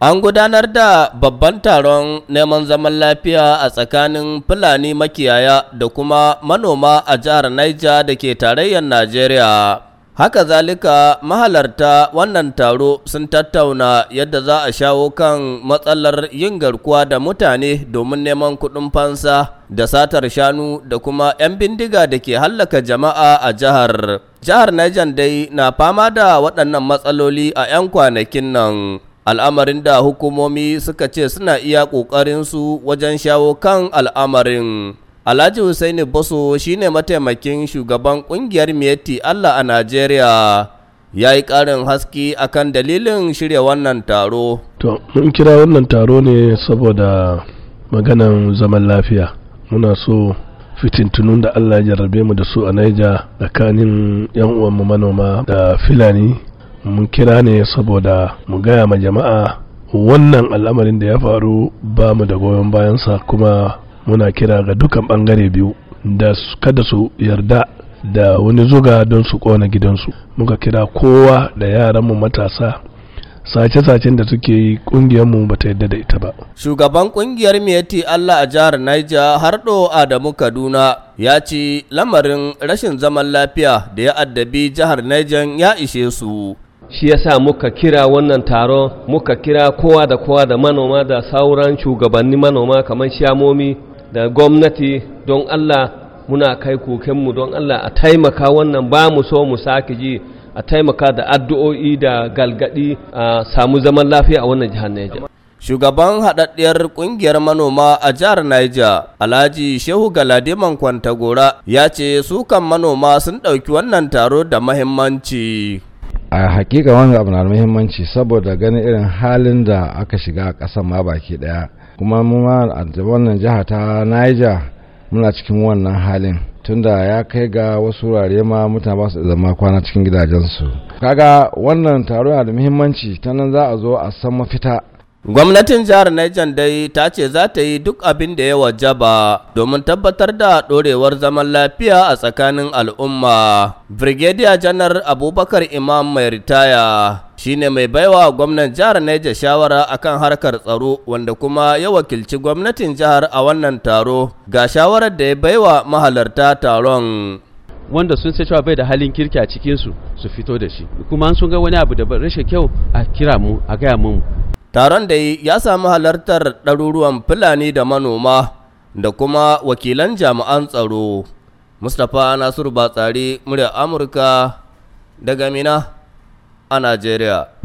An gudanar da babban taron neman zaman lafiya a tsakanin Fulani makiyaya da kuma manoma a jihar Niger da ke tarayyar Najeriya. Haka zalika mahalarta wannan taro sun tattauna yadda za a shawo kan matsalar yin garkuwa da mutane domin neman kuɗin fansa da satar shanu da kuma 'yan bindiga da ke hallaka jama'a a jihar. Jihar Niger dai na fama da waɗannan matsaloli a 'yan kwanakin nan. al'amarin da hukumomi suka ce suna iya ƙoƙarinsu wajen shawo kan al'amarin. Alhaji Hussaini Boso shine mataimakin shugaban ƙungiyar Miyetti Allah a Najeriya. ya yi ƙarin haske akan dalilin shirya wannan taro. To, mun kira wannan taro ne saboda maganan zaman lafiya. Muna so fitintunun da Allah ya jarrabe mu da su a Naija tsakanin 'yan uwanmu manoma da Filani mun kira ne saboda mu gaya ma jama'a wannan al'amarin da ya faru ba mu da goyon bayansa kuma muna kira ga dukan bangare biyu da kada su yarda da wani zuga don su kona gidansu muka kira kowa da yaranmu matasa sace-sacen da suke yi kungiyarmu ba ta yadda da ita ba. Shugaban kungiyar Miyati Allah a jihar Niger Hardo Adamu Kaduna ya ce lamarin rashin zaman lafiya da ya addabi jihar Niger ya ishe su shi yasa muka kira wannan taro muka kira kowa da kowa da manoma da sauran shugabanni manoma kamar shamomi da gwamnati don Allah muna kai kokenmu don Allah a taimaka wannan ba mu so mu sake ji a taimaka da addu'o'i da galgadi a samu zaman lafiya a wannan jihar Niger. Shugaban haɗaɗɗiyar ƙungiyar manoma a jihar Niger, Alhaji Shehu Galadiman Kwantagora, ya ce sukan manoma sun ɗauki wannan taro da mahimmanci. a hakika wani abu na muhimmanci saboda ganin irin halin da aka shiga a kasan ma baki ɗaya kuma ma a wannan jiha ta niger muna cikin wannan halin tunda ya kai ga wasu wurare ma mutane ba su zama kwana cikin gidajensu kaga wannan taro na da muhimmanci ta nan za a zo a san mafita Gwamnatin jihar Niger dai ta ce za ta yi duk abin da ya wajaba domin tabbatar da ɗorewar zaman lafiya a tsakanin al'umma. Brigadier Janar Abubakar Imam mai ritaya shine mai baiwa gwamnan jihar Niger shawara akan harkar tsaro wanda kuma ya wakilci gwamnatin jihar a wannan taro ga shawarar da ya baiwa mahalarta taron. wanda sun sai cewa bai da halin kirki a cikinsu su fito da shi kuma an sun ga wani abu da rashin kyau a kira mu a gaya mu taron da ya samu halartar ɗaruruwan fulani da manoma da kuma wakilan jami'an tsaro mustapha nasiru batsari murya amurka daga mina a najeriya